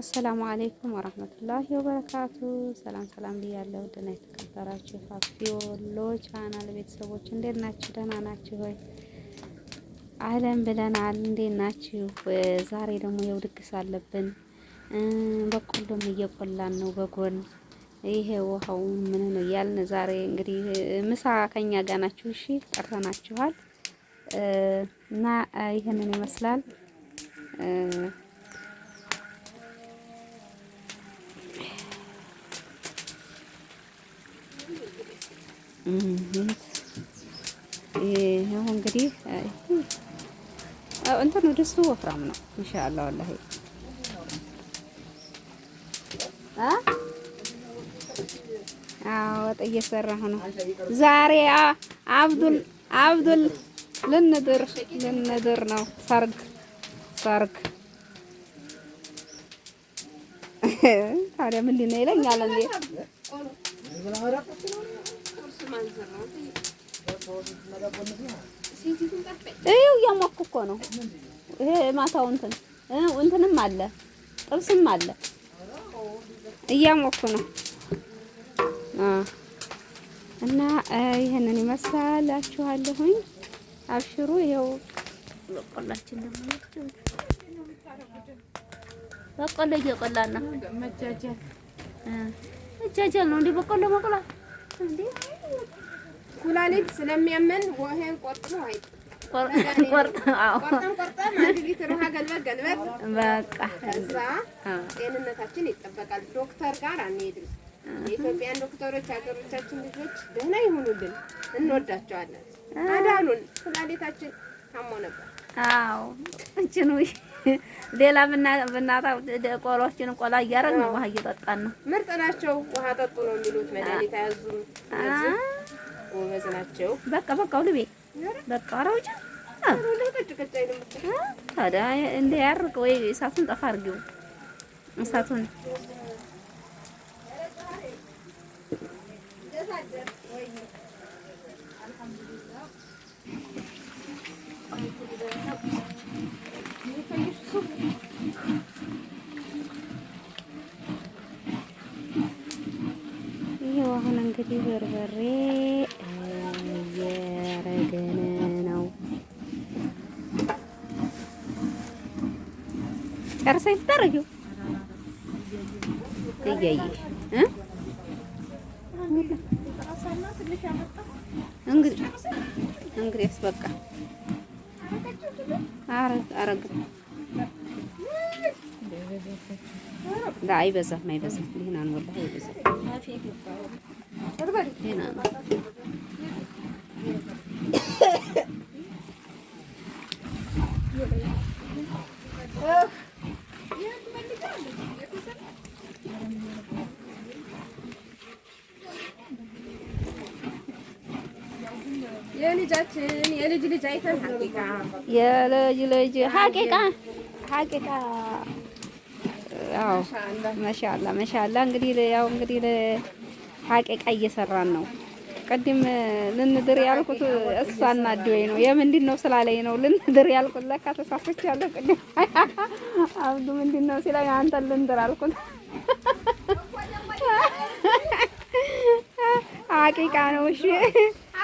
አሰላሙ አሌይኩም ወረህመቱላሂ ወበረካቱ። ሰላም ሰላም ብያለሁ። ደህና የተከበራችሁ ፋፊ ወሎ ቻናል ቤተሰቦች እንዴት ናችሁ? ደህና ናችሁ ሆይ? አለም ብለናል። እንዴት ናችሁ? ዛሬ ደግሞ የው ድግስ አለብን። በቆሎም እየቆላን ነው በጎን ይሄ ውሃው ምን ነው እያልን ዛሬ እንግዲህ ምሳ ከኛ ጋር ናችሁ። እሺ ጠርተናችኋል እና ይህንን ይመስላል። ይሄው እንግዲህ እንትኑ ድስቱ ወፍራም ነው። ኢንሻአላህ ወላሂ አ ወጥ እየሰራሁ ነው ዛሬ። አብዱል አብዱል ልንድር ልንድር ነው ሰርግ ሰርግ። ታዲያ ምን ሊነ ይለኛል እንዴ? ይኸው እያሞኩ እኮ ነው። ይሄ ማታው እንትን እንትንም አለ ጥብስም አለ። እያሞኩ ነው እና ይህንን ይመስላችኋለሁኝ። አብሽሩ። ይኸው በቆላችን ደግሞ በቆሎ እየቆላ ነው። መጃጃል ነው እንደ በቆሎ መቆላት ኩላሊት ስለሚያመን ቆርጥ ቆርጦ አይ ጤንነታችን ይጠበቃል። ዶክተር ጋር አንሄድም። የኢትዮጵያን ዶክተሮች ሀገሮቻችን ልጆች ደህና ይሁኑልን፣ እንወዳቸዋለን። አዳሉን ኩላሊታችን አዎ እችን ውይ፣ ሌላ ብናታ ቆሎችን ቆላ እያደረግን ነው፣ ውሃ እየጠጣን ነው። ምርጥ ናቸው። ውሃ ጠጡ ነው የሚሉት መድኃኒት አያዙም። ጎበዝ ናቸው። በቃ በቃ ልቤ በቃ አረውጭ ታዲያ እንደ ያርቅ ወይ እሳቱን ጠፋ አድርጊው እሳቱን ይሄው አሁን እንግዲህ በርበሬ እየረገነ ነው። ጨርሰሽ ስታደርጊው እያየሽ እንግዲህ እንግዲህ አስበቃ አይበዛም፣ አይበዛም። ደህና ነው ወላሂ አይበዛም። ደህና ነው። የልጃችን የልጅ ልጅ አይተን ሀቂቃ የልጅ ልጅ ሀቂቃ ሀቂቃ አዎ ማሻአላ ማሻአላ። እንግዲህ ያው እንግዲህ ሀቂቃ እየሰራን ነው። ቅድም ልንድር ያልኩት እሷ እናድወይ ነው የምንድን ነው ስላለኝ ነው ልንድር ያልኩት። ለካ ተሳስቻለሁ። ቅድም አብዱ ምንድን ነው ሲለኝ አንተን ልንድር አልኩት። ሀቂቃ ነው እሺ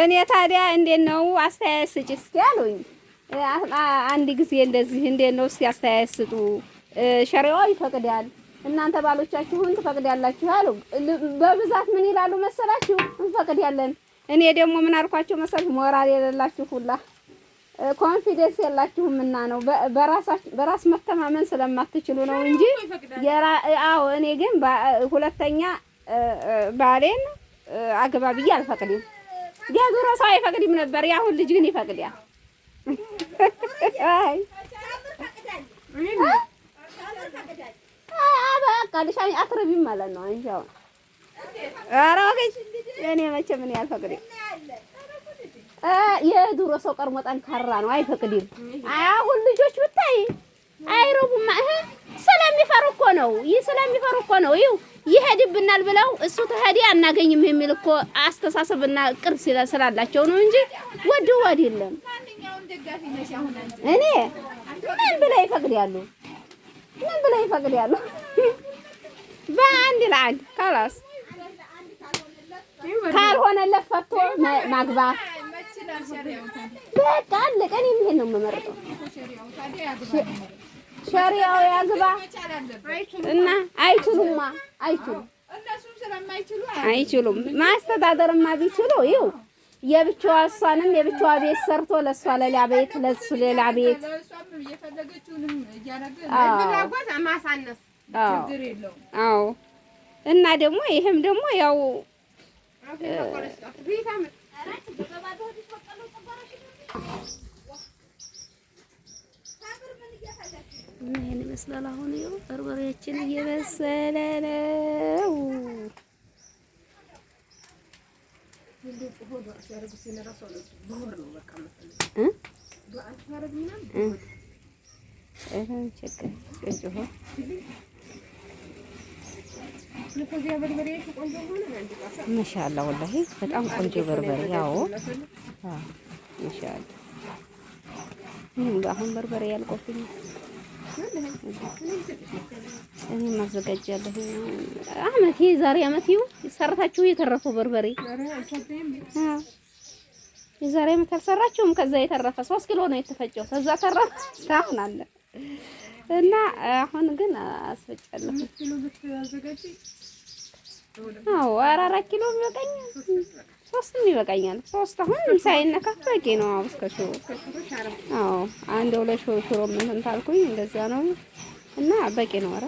እኔ ታዲያ እንዴት ነው አስተያየት ስጭ እስኪ አሉኝ። አንድ ጊዜ እንደዚህ እንዴት ነው እስኪ አስተያየት ስጡ፣ ሸሪዋ ይፈቅዳል፣ እናንተ ባሎቻችሁን ትፈቅዳላችሁ አሉ። በብዛት ምን ይላሉ መሰላችሁ? እንፈቅዳለን። እኔ ደግሞ ምን አልኳቸው መሰላችሁ? ሞራል የሌላችሁ ሁላ ኮንፊደንስ የላችሁም እና ነው በራስ መተማመን ስለማትችሉ ነው እንጂ። አዎ እኔ ግን ሁለተኛ ባሌን አግባ ብዬ አልፈቅድም። ዲያዞራ ሰው አይፈቅድም ነበር። የአሁን ልጅ ግን ይፈቅዳል። አይ ማለት ነው አሁን። እኔ መቼም እኔ አልፈቅድም። የድሮ ሰው ቀርሞ ጠንካራ ነው፣ አይፈቅድም። አሁን ልጆች ብታይ አይረቡም። ስለሚፈሩ እኮ ነው። ይህ ስለሚፈሩ እኮ ነው። ይው ይሄድብናል ብለው እሱ ተሄዲ አናገኝም የሚል እኮ አስተሳሰብና ቅር ስላላቸው ነው እንጂ ወድው አይደለም። እኔ ምን ብለ ይፈቅዳሉ? ምን ብለ ይፈቅዳሉ? በአንድ ለአንድ ካላስ ካልሆነለት ፈቶ ማግባት በቃ አለቀ። ይሄን ነው የምመርጠው። ሸሪያው ያግባ እና አይችሉማ፣ አይችሉም፣ አይችሉም። ማስተዳደርማ ቢችሉ ይኸው የብቻዋ እሷንም የብቻዋ ቤት ሰርቶ ለእሷ ሌላ ቤት ለሱ ሌላ ቤት አዎ። እና ደግሞ ይሄም ደግሞ ያው እና ይሄን ይመስላል። አሁን ይኸው በርበሬያችን እየበሰለ ነው። ማሻአላ ወላሂ በጣም ቆንጆ በርበሬ ያው ማሻአላ። አሁን በርበሬ ያልቆብኝ እኔ ማዘጋጃለሁ። አመት የዛሬ አመት ሰርታችሁ የተረፈው በርበሬ የዛሬ አመት አልሰራችሁም። ከዛ የተረፈ ሶስት ኪሎ ነው የተፈጨው። ከዛ ተረፈ ሳህን አለ እና አሁን ግን አስፈጫለሁ አዎ ኧረ አራት ኪሎ ይበቃኛል። ሶስትም ይበቃኛል። ሶስት አሁን ሳይነካ በቂ ነው። እስከ ሽሮ አዎ አንድ ሁለት ሽሮ እንትን ታልኩኝ እንደዚያ ነው እና በቂ ነው። ኧረ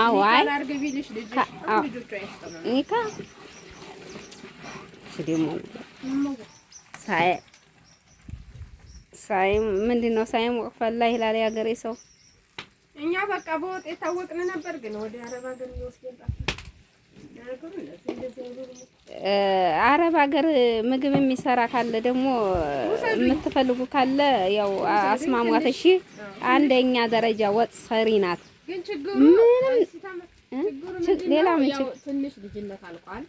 አዎ አይ ኒካ ሳይ ምንድን ነው ሳይሞቅ ፈላ ይላል ያገሬ ሰው እኛ በቃ በወጥ የታወቅን ነበር፣ ግን ወደ አረብ ሀገር አረብ ሀገር ምግብ የሚሰራ ካለ ደግሞ የምትፈልጉ ካለ ያው አስማሟት። እሺ አንደኛ ደረጃ ወጥ ሰሪ ናት። ምንም ሌላ ምን ትንሽ ልጅነት አልቋል።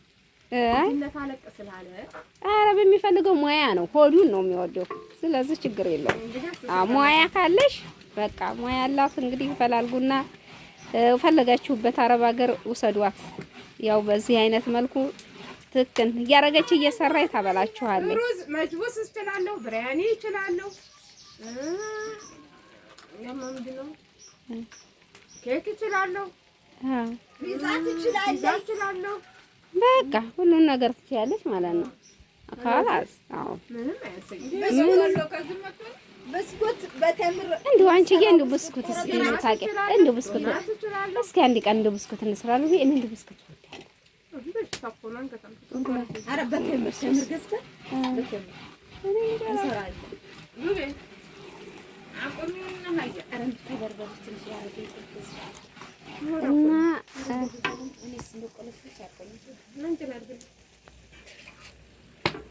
ሙያ ነው፣ ሆዱን ነው የሚወደው። ስለዚህ ችግር የለውም ሙያ ካለሽ በቃ ሙያ ያላት እንግዲህ ፈላልጉና ፈለጋችሁበት አረብ ሀገር ውሰዷት። ያው በዚህ አይነት መልኩ ትክክል እያረገች እየሰራ ታበላችኋለች። ሩዝ መጅቡስ እችላለሁ፣ ብርያኒ እችላለሁ፣ ኬክ እችላለሁ፣ ፒዛ እችላለሁ። በቃ ሁሉን ነገር ትችላለች ማለት ነው። ካላስ አዎ ምንም እንዲሁ አንቺዬ እንዲሁ ብስኩት እስኪ ታውቂያ እንዲሁ ብስኩት እስኪ አንድ ቀን እንዲሁ ብስኩት እንስራለን። እኔ እንዲሁ ብስኩት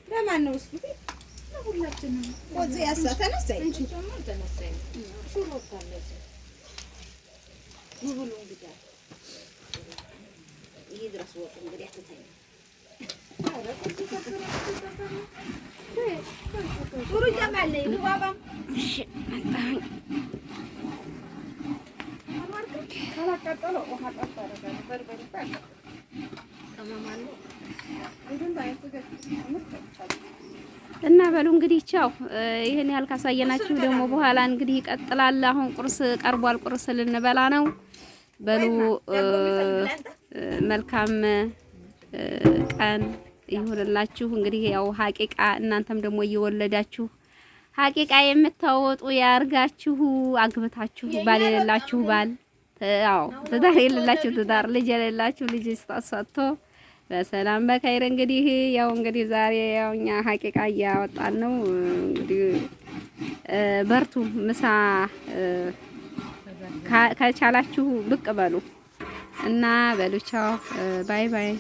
እና ለማን ነው ብስኩት እንዲሁም እና በሉ እንግዲህ ቻው። ይህን ያህል ካሳየናችሁ ደግሞ በኋላ እንግዲህ ይቀጥላል። አሁን ቁርስ ቀርቧል። ቁርስ ልንበላ ነው። በሉ መልካም ቀን ይሁንላችሁ። እንግዲህ ያው ሀቂቃ እናንተም ደግሞ እየወለዳችሁ ሀቂቃ የምታወጡ ያርጋችሁ። አግብታችሁ ባል የሌላችሁ ባል፣ አዎ ትዳር የሌላችሁ ትዳር፣ ልጅ የሌላችሁ ልጅ ስታሳቶ በሰላም በከይር እንግዲህ ያው እንግዲህ ዛሬ ያው እኛ ሀቂቃ እያወጣን ነው። እንግዲህ በርቱ፣ ምሳ ከቻላችሁ ብቅ በሉ እና በሉቻው። ባይ ባይ